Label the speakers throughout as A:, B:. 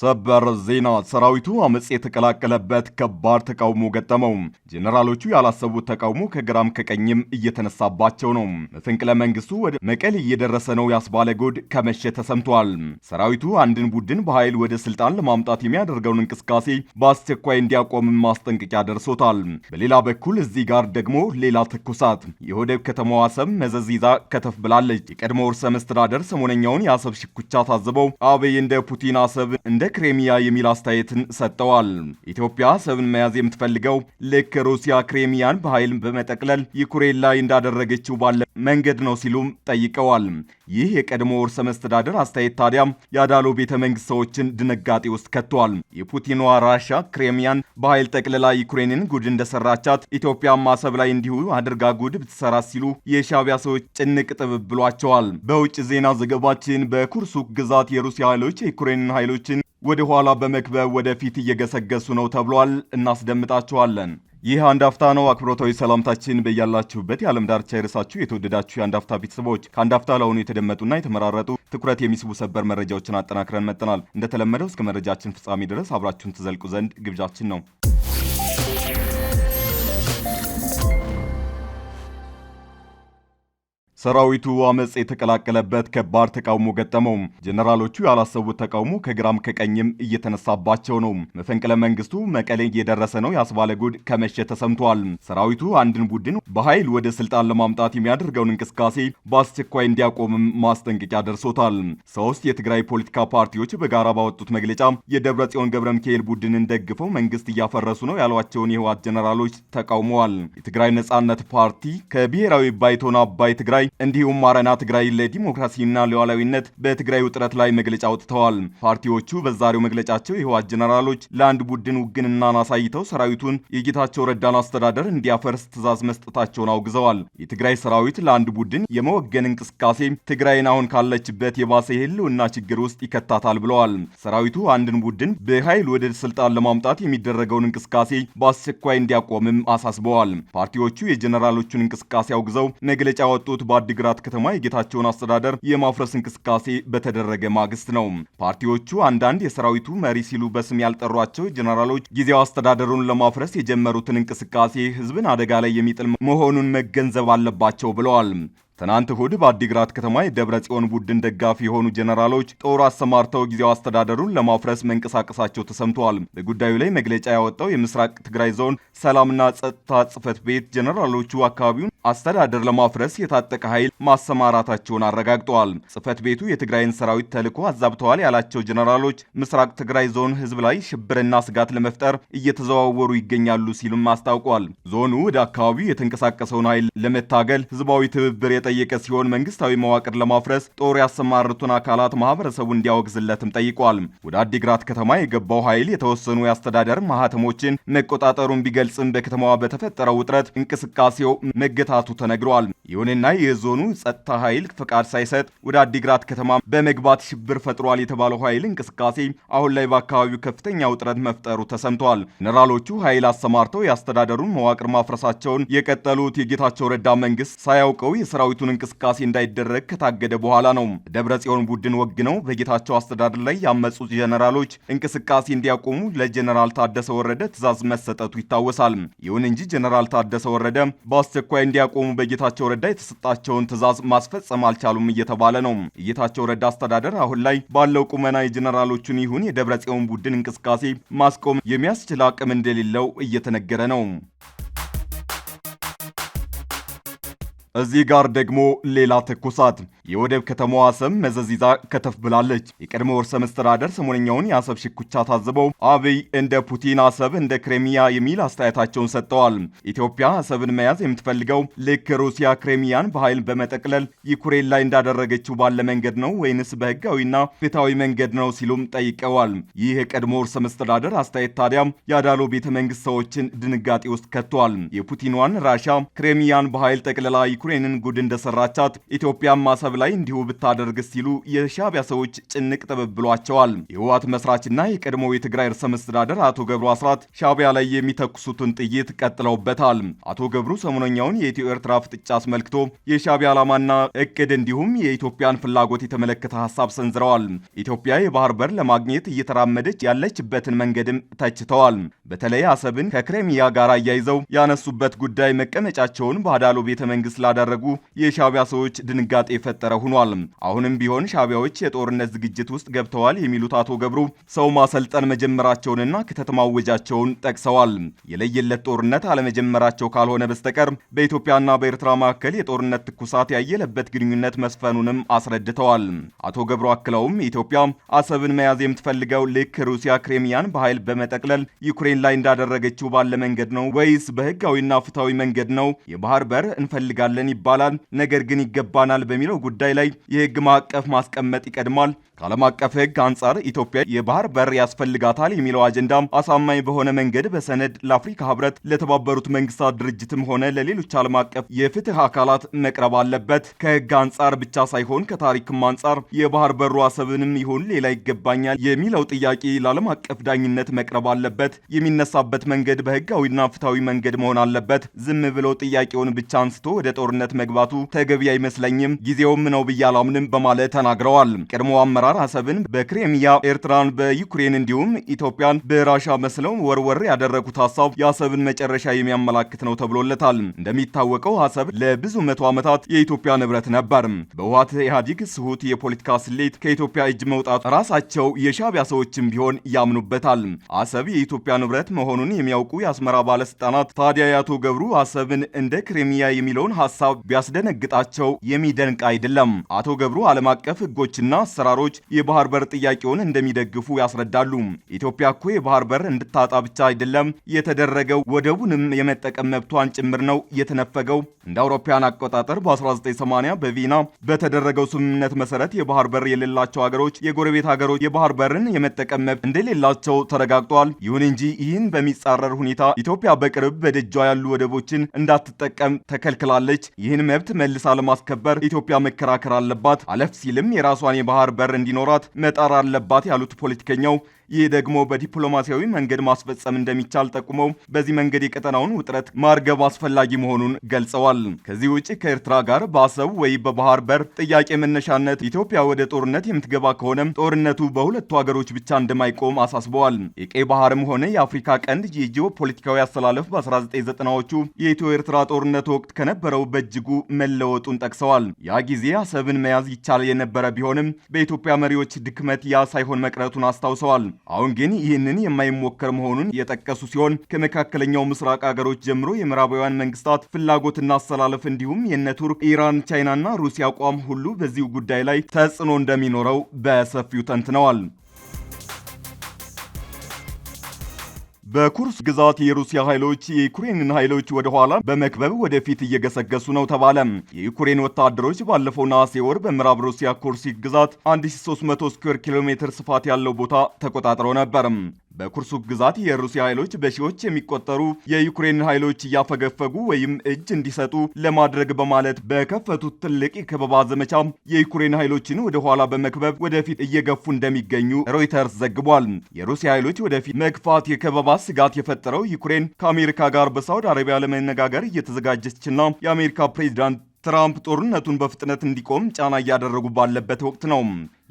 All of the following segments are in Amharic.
A: ሰበር ዜና! ሰራዊቱ አመፅ የተቀላቀለበት ከባድ ተቃውሞ ገጠመው። ጄኔራሎቹ ያላሰቡት ተቃውሞ ከግራም ከቀኝም እየተነሳባቸው ነው። መፈንቅለ መንግስቱ ወደ መቀሌ እየደረሰ ነው ያስባለ ጎድ ከመሸ ተሰምቷል። ሰራዊቱ አንድን ቡድን በኃይል ወደ ስልጣን ለማምጣት የሚያደርገውን እንቅስቃሴ በአስቸኳይ እንዲያቆም ማስጠንቀቂያ ደርሶታል። በሌላ በኩል እዚህ ጋር ደግሞ ሌላ ትኩሳት። የሆደብ ከተማዋ አሰብ መዘዝ ይዛ ከተፍ ብላለች። የቀድሞ ርዕሰ መስተዳደር ሰሞነኛውን የአሰብ ሽኩቻ ታዝበው አብይ እንደ ፑቲን አሰብ እንደ ክሬሚያ የሚል አስተያየትን ሰጥተዋል። ኢትዮጵያ ሰብን መያዝ የምትፈልገው ልክ ሩሲያ ክሬሚያን በኃይል በመጠቅለል ዩክሬን ላይ እንዳደረገችው ባለ መንገድ ነው ሲሉም ጠይቀዋል። ይህ የቀድሞ ርዕሰ መስተዳደር አስተያየት ታዲያ የአዳሎ ቤተ መንግስት ሰዎችን ድንጋጤ ውስጥ ከቷል። የፑቲኗ ራሻ ክሬሚያን በኃይል ጠቅልላ ዩክሬንን ጉድ እንደሰራቻት ኢትዮጵያ ማሰብ ላይ እንዲሁ አድርጋ ጉድ ብትሰራ ሲሉ የሻቢያ ሰዎች ጭንቅ ጥብብ ብሏቸዋል። በውጭ ዜና ዘገባችን በኩርሱክ ግዛት የሩሲያ ኃይሎች የዩክሬንን ኃይሎችን ወደ ኋላ በመክበብ ወደፊት እየገሰገሱ ነው ተብሏል። እናስደምጣቸዋለን። ይህ አንድ አፍታ ነው። አክብሮታዊ ሰላምታችን በያላችሁበት የዓለም ዳርቻ ይድረሳችሁ። የተወደዳችሁ የአንድ አፍታ ቤተሰቦች ከአንድ አፍታ ለአሁኑ የተደመጡና የተመራረጡ ትኩረት የሚስቡ ሰበር መረጃዎችን አጠናክረን መጥተናል። እንደተለመደው እስከ መረጃችን ፍጻሜ ድረስ አብራችሁን ትዘልቁ ዘንድ ግብዣችን ነው። ሰራዊቱ አመፅ የተቀላቀለበት ከባድ ተቃውሞ ገጠመው። ጀነራሎቹ ያላሰቡት ተቃውሞ ከግራም ከቀኝም እየተነሳባቸው ነው። መፈንቅለ መንግስቱ መቀሌ እየደረሰ ነው ያስባለ ጉድ ከመሸ ተሰምቷል። ሰራዊቱ አንድን ቡድን በኃይል ወደ ስልጣን ለማምጣት የሚያደርገውን እንቅስቃሴ በአስቸኳይ እንዲያቆምም ማስጠንቀቂያ ደርሶታል። ሶስት የትግራይ ፖለቲካ ፓርቲዎች በጋራ ባወጡት መግለጫ የደብረ ጽዮን ገብረ ሚካኤል ቡድንን ደግፈው መንግስት እያፈረሱ ነው ያሏቸውን የህወሓት ጀነራሎች ተቃውመዋል። የትግራይ ነጻነት ፓርቲ ከብሔራዊ ባይቶና አባይ ትግራይ እንዲሁም አረና ትግራይ ለዲሞክራሲና ለዋላዊነት በትግራይ ውጥረት ላይ መግለጫ አውጥተዋል። ፓርቲዎቹ በዛሬው መግለጫቸው የህወሓት ጀነራሎች ለአንድ ቡድን ውግንናን አሳይተው ሰራዊቱን የጌታቸው ረዳን አስተዳደር እንዲያፈርስ ትዕዛዝ መስጠታቸውን አውግዘዋል። የትግራይ ሰራዊት ለአንድ ቡድን የመወገን እንቅስቃሴ ትግራይን አሁን ካለችበት የባሰ የህልውና ችግር ውስጥ ይከታታል ብለዋል። ሰራዊቱ አንድን ቡድን በኃይል ወደ ስልጣን ለማምጣት የሚደረገውን እንቅስቃሴ በአስቸኳይ እንዲያቆምም አሳስበዋል። ፓርቲዎቹ የጀነራሎቹን እንቅስቃሴ አውግዘው መግለጫ ያወጡት በአዲግራት ከተማ የጌታቸውን አስተዳደር የማፍረስ እንቅስቃሴ በተደረገ ማግስት ነው። ፓርቲዎቹ አንዳንድ የሰራዊቱ መሪ ሲሉ በስም ያልጠሯቸው ጀነራሎች ጊዜያዊ አስተዳደሩን ለማፍረስ የጀመሩትን እንቅስቃሴ ህዝብን አደጋ ላይ የሚጥል መሆኑን መገንዘብ አለባቸው ብለዋል። ትናንት እሁድ በአዲግራት ከተማ የደብረ ጽዮን ቡድን ደጋፊ የሆኑ ጀነራሎች ጦር አሰማርተው ጊዜው አስተዳደሩን ለማፍረስ መንቀሳቀሳቸው ተሰምተዋል። በጉዳዩ ላይ መግለጫ ያወጣው የምስራቅ ትግራይ ዞን ሰላምና ጸጥታ ጽፈት ቤት ጀነራሎቹ አካባቢውን አስተዳደር ለማፍረስ የታጠቀ ኃይል ማሰማራታቸውን አረጋግጠዋል። ጽህፈት ቤቱ የትግራይን ሰራዊት ተልዕኮ አዛብተዋል ያላቸው ጀነራሎች ምስራቅ ትግራይ ዞን ህዝብ ላይ ሽብርና ስጋት ለመፍጠር እየተዘዋወሩ ይገኛሉ ሲሉም አስታውቋል። ዞኑ ወደ አካባቢው የተንቀሳቀሰውን ኃይል ለመታገል ህዝባዊ ትብብር የጠየቀ ሲሆን መንግስታዊ መዋቅር ለማፍረስ ጦር ያሰማሩትን አካላት ማህበረሰቡ እንዲያወግዝለትም ጠይቋል። ወደ አዲግራት ከተማ የገባው ኃይል የተወሰኑ የአስተዳደር ማህተሞችን መቆጣጠሩን ቢገልጽም በከተማዋ በተፈጠረው ውጥረት እንቅስቃሴው መገታ መምጣቱ ተነግሯል። ይሁንና የዞኑ ጸጥታ ኃይል ፈቃድ ሳይሰጥ ወደ አዲግራት ከተማ በመግባት ሽብር ፈጥሯል የተባለው ኃይል እንቅስቃሴ አሁን ላይ በአካባቢው ከፍተኛ ውጥረት መፍጠሩ ተሰምቷል። ጀነራሎቹ ኃይል አሰማርተው የአስተዳደሩን መዋቅር ማፍረሳቸውን የቀጠሉት የጌታቸው ረዳ መንግስት ሳያውቀው የሰራዊቱን እንቅስቃሴ እንዳይደረግ ከታገደ በኋላ ነው። ደብረ ጽዮን ቡድን ነው። በጌታቸው አስተዳደር ላይ ያመፁት ጀነራሎች እንቅስቃሴ እንዲያቆሙ ለጀነራል ታደሰ ወረደ ትዛዝ መሰጠቱ ይታወሳል። ይሁን እንጂ ጀነራል ታደሰ ወረደ በአስቸኳይ እንዲያቆሙ በጌታቸው ረዳ የተሰጣቸውን ትዕዛዝ ማስፈጸም አልቻሉም እየተባለ ነው። የጌታቸው ረዳ አስተዳደር አሁን ላይ ባለው ቁመና የጀነራሎቹን ይሁን የደብረ ጽዮን ቡድን እንቅስቃሴ ማስቆም የሚያስችል አቅም እንደሌለው እየተነገረ ነው። እዚህ ጋር ደግሞ ሌላ ትኩሳት። የወደብ ከተማዋ አሰብ መዘዝ ይዛ ከተፍ ብላለች። የቀድሞ ርዕሰ መስተዳደር ሰሞነኛውን የአሰብ ሽኩቻ ታዝበው አብይ እንደ ፑቲን አሰብ እንደ ክሬሚያ የሚል አስተያየታቸውን ሰጥተዋል። ኢትዮጵያ አሰብን መያዝ የምትፈልገው ልክ ሩሲያ ክሬሚያን በኃይል በመጠቅለል ዩክሬን ላይ እንዳደረገችው ባለ መንገድ ነው ወይንስ በህጋዊና ፍትሐዊ መንገድ ነው ሲሉም ጠይቀዋል። ይህ የቀድሞ ርዕሰ መስተዳደር አስተያየት ታዲያም የአዳሎ ቤተ መንግስት ሰዎችን ድንጋጤ ውስጥ ከቷል። የፑቲኗን ራሻ ክሬሚያን በኃይል ጠቅለላ ዩክሬንን ጉድ እንደሰራቻት ኢትዮጵያ ማሰብ ላይ እንዲሁ ብታደርግ ሲሉ የሻቢያ ሰዎች ጭንቅ ጥበብ ብሏቸዋል። የህወሓት መስራችና የቀድሞ የትግራይ ርዕሰ መስተዳደር አቶ ገብሩ አስራት ሻቢያ ላይ የሚተኩሱትን ጥይት ቀጥለውበታል። አቶ ገብሩ ሰሞነኛውን የኢትዮ ኤርትራ ፍጥጫ አስመልክቶ የሻቢያ ዓላማና እቅድ እንዲሁም የኢትዮጵያን ፍላጎት የተመለከተ ሀሳብ ሰንዝረዋል። ኢትዮጵያ የባህር በር ለማግኘት እየተራመደች ያለችበትን መንገድም ተችተዋል። በተለይ አሰብን ከክሬሚያ ጋር አያይዘው ያነሱበት ጉዳይ መቀመጫቸውን በአዳሎ ቤተ መንግስት ስላደረጉ የሻቢያ ሰዎች ድንጋጤ የፈጠረ ሆኗል። አሁንም ቢሆን ሻቢያዎች የጦርነት ዝግጅት ውስጥ ገብተዋል የሚሉት አቶ ገብሩ ሰው ማሰልጠን መጀመራቸውንና ክተት ማወጃቸውን ጠቅሰዋል። የለየለት ጦርነት አለመጀመራቸው ካልሆነ በስተቀር በኢትዮጵያና በኤርትራ መካከል የጦርነት ትኩሳት ያየለበት ግንኙነት መስፈኑንም አስረድተዋል። አቶ ገብሩ አክለውም ኢትዮጵያ አሰብን መያዝ የምትፈልገው ልክ ሩሲያ ክሬሚያን በኃይል በመጠቅለል ዩክሬን ላይ እንዳደረገችው ባለ መንገድ ነው ወይስ በህጋዊና ፍትሐዊ መንገድ ነው? የባህር በር እንፈልጋለን እንሰራለን ይባላል። ነገር ግን ይገባናል በሚለው ጉዳይ ላይ የህግ ማዕቀፍ ማስቀመጥ ይቀድማል። ከዓለም አቀፍ ህግ አንጻር ኢትዮጵያ የባህር በር ያስፈልጋታል የሚለው አጀንዳ አሳማኝ በሆነ መንገድ በሰነድ ለአፍሪካ ህብረት፣ ለተባበሩት መንግስታት ድርጅትም ሆነ ለሌሎች ዓለም አቀፍ የፍትህ አካላት መቅረብ አለበት። ከህግ አንጻር ብቻ ሳይሆን ከታሪክም አንጻር የባህር በሩ አሰብንም ይሁን ሌላ ይገባኛል የሚለው ጥያቄ ለዓለም አቀፍ ዳኝነት መቅረብ አለበት። የሚነሳበት መንገድ በህጋዊና ፍትሐዊ መንገድ መሆን አለበት። ዝም ብለው ጥያቄውን ብቻ አንስቶ ወደ ጦር ጦርነት መግባቱ ተገቢ አይመስለኝም፣ ጊዜውም ነው ብዬ አላምንም በማለት ተናግረዋል። ቀድሞ አመራር አሰብን በክሬሚያ ኤርትራን በዩክሬን እንዲሁም ኢትዮጵያን በራሻ መስለው ወርወር ያደረጉት ሀሳብ የአሰብን መጨረሻ የሚያመላክት ነው ተብሎለታል። እንደሚታወቀው አሰብ ለብዙ መቶ ዓመታት የኢትዮጵያ ንብረት ነበር። በህወሓት ኢህአዲግ ስሁት የፖለቲካ ስሌት ከኢትዮጵያ እጅ መውጣት ራሳቸው የሻቢያ ሰዎችም ቢሆን ያምኑበታል። አሰብ የኢትዮጵያ ንብረት መሆኑን የሚያውቁ የአስመራ ባለስልጣናት ታዲያ የአቶ ገብሩ አሰብን እንደ ክሬሚያ የሚለውን ሀሳብ ሀሳብ ቢያስደነግጣቸው የሚደንቅ አይደለም። አቶ ገብሩ ዓለም አቀፍ ሕጎችና አሰራሮች የባህር በር ጥያቄውን እንደሚደግፉ ያስረዳሉ። ኢትዮጵያ እኮ የባህር በር እንድታጣ ብቻ አይደለም የተደረገው ወደቡንም የመጠቀም መብቷን ጭምር ነው የተነፈገው። እንደ አውሮፓውያን አቆጣጠር በ1980 በቪና በተደረገው ስምምነት መሰረት የባህር በር የሌላቸው ሀገሮች የጎረቤት ሀገሮች የባህር በርን የመጠቀም መብት እንደሌላቸው ተረጋግጧል። ይሁን እንጂ ይህን በሚጻረር ሁኔታ ኢትዮጵያ በቅርብ በደጇ ያሉ ወደቦችን እንዳትጠቀም ተከልክላለች። ይህን መብት መልሳ ለማስከበር ኢትዮጵያ መከራከር አለባት፣ አለፍ ሲልም የራሷን የባህር በር እንዲኖራት መጣር አለባት ያሉት ፖለቲከኛው ይህ ደግሞ በዲፕሎማሲያዊ መንገድ ማስፈጸም እንደሚቻል ጠቁመው በዚህ መንገድ የቀጠናውን ውጥረት ማርገብ አስፈላጊ መሆኑን ገልጸዋል። ከዚህ ውጭ ከኤርትራ ጋር በአሰብ ወይ በባህር በር ጥያቄ መነሻነት ኢትዮጵያ ወደ ጦርነት የምትገባ ከሆነም ጦርነቱ በሁለቱ ሀገሮች ብቻ እንደማይቆም አሳስበዋል። የቀይ ባህርም ሆነ የአፍሪካ ቀንድ የጂኦ ፖለቲካዊ አስተላለፍ በ1990ዎቹ የኢትዮ ኤርትራ ጦርነት ወቅት ከነበረው በእጅጉ መለወጡን ጠቅሰዋል። ያ ጊዜ አሰብን መያዝ ይቻል የነበረ ቢሆንም በኢትዮጵያ መሪዎች ድክመት ያ ሳይሆን መቅረቱን አስታውሰዋል። አሁን ግን ይህንን የማይሞከር መሆኑን የጠቀሱ ሲሆን ከመካከለኛው ምስራቅ አገሮች ጀምሮ የምዕራባውያን መንግስታት ፍላጎትና አሰላለፍ እንዲሁም የነ ቱርክ፣ ኢራን፣ ቻይናና ሩሲያ አቋም ሁሉ በዚሁ ጉዳይ ላይ ተጽዕኖ እንደሚኖረው በሰፊው ተንትነዋል። በኩርስ ግዛት የሩሲያ ኃይሎች የዩክሬንን ኃይሎች ወደ ኋላ በመክበብ ወደፊት እየገሰገሱ ነው ተባለ። የዩክሬን ወታደሮች ባለፈው ነሐሴ ወር በምዕራብ ሩሲያ ኩርሲ ግዛት 1300 ስኩዌር ኪሎ ሜትር ስፋት ያለው ቦታ ተቆጣጥረው ነበር። በኩርሱክ ግዛት የሩሲያ ኃይሎች በሺዎች የሚቆጠሩ የዩክሬን ኃይሎች እያፈገፈጉ ወይም እጅ እንዲሰጡ ለማድረግ በማለት በከፈቱት ትልቅ የከበባ ዘመቻ የዩክሬን ኃይሎችን ወደ ኋላ በመክበብ ወደፊት እየገፉ እንደሚገኙ ሮይተርስ ዘግቧል። የሩሲያ ኃይሎች ወደፊት መግፋት የከበባ ስጋት የፈጠረው ዩክሬን ከአሜሪካ ጋር በሳውዲ አረቢያ ለመነጋገር እየተዘጋጀችና የአሜሪካ ፕሬዚዳንት ትራምፕ ጦርነቱን በፍጥነት እንዲቆም ጫና እያደረጉ ባለበት ወቅት ነው።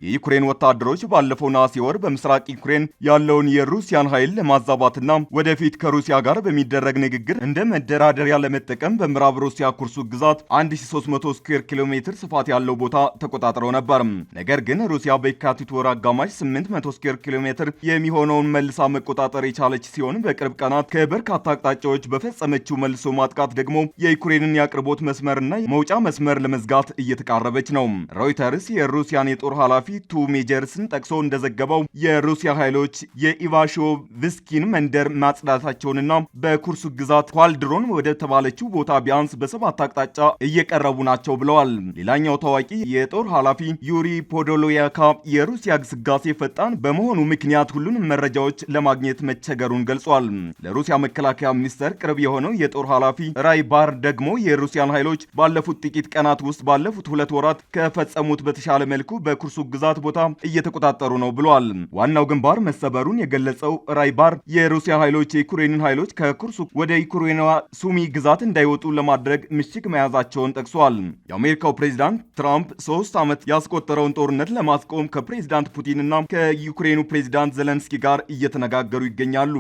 A: የዩክሬን ወታደሮች ባለፈው ነሐሴ ወር በምስራቅ ዩክሬን ያለውን የሩሲያን ኃይል ለማዛባትና ወደፊት ከሩሲያ ጋር በሚደረግ ንግግር እንደ መደራደሪያ ለመጠቀም በምዕራብ ሩሲያ ኩርሱ ግዛት 1300 ስኩዌር ኪሎ ሜትር ስፋት ያለው ቦታ ተቆጣጥረው ነበር። ነገር ግን ሩሲያ በየካቲት ወር አጋማሽ 800 ስኩዌር ኪሎ ሜትር የሚሆነውን መልሳ መቆጣጠር የቻለች ሲሆን በቅርብ ቀናት ከበርካታ አቅጣጫዎች በፈጸመችው መልሶ ማጥቃት ደግሞ የዩክሬንን የአቅርቦት መስመርና መውጫ መስመር ለመዝጋት እየተቃረበች ነው። ሮይተርስ የሩሲያን የጦር ኃላፊ ኃላፊ ቱ ሜጀርስን ጠቅሶ እንደዘገበው የሩሲያ ኃይሎች የኢቫሾቭስኪን መንደር ማጽዳታቸውንና በኩርሱ ግዛት ኳልድሮን ወደ ተባለችው ቦታ ቢያንስ በሰባት አቅጣጫ እየቀረቡ ናቸው ብለዋል። ሌላኛው ታዋቂ የጦር ኃላፊ ዩሪ ፖዶሎያካ የሩሲያ ግስጋሴ ፈጣን በመሆኑ ምክንያት ሁሉንም መረጃዎች ለማግኘት መቸገሩን ገልጿል። ለሩሲያ መከላከያ ሚኒስቴር ቅርብ የሆነው የጦር ኃላፊ ራይ ባር ደግሞ የሩሲያን ኃይሎች ባለፉት ጥቂት ቀናት ውስጥ ባለፉት ሁለት ወራት ከፈጸሙት በተሻለ መልኩ በኩርሱ ግዛት ቦታ እየተቆጣጠሩ ነው ብለዋል። ዋናው ግንባር መሰበሩን የገለጸው ራይባር የሩሲያ ኃይሎች የዩክሬንን ኃይሎች ከኩርሱ ወደ ዩክሬንዋ ሱሚ ግዛት እንዳይወጡ ለማድረግ ምሽግ መያዛቸውን ጠቅሷል። የአሜሪካው ፕሬዚዳንት ትራምፕ ሶስት ዓመት ያስቆጠረውን ጦርነት ለማስቆም ከፕሬዚዳንት ፑቲንና ከዩክሬኑ ፕሬዚዳንት ዘለንስኪ ጋር እየተነጋገሩ ይገኛሉ።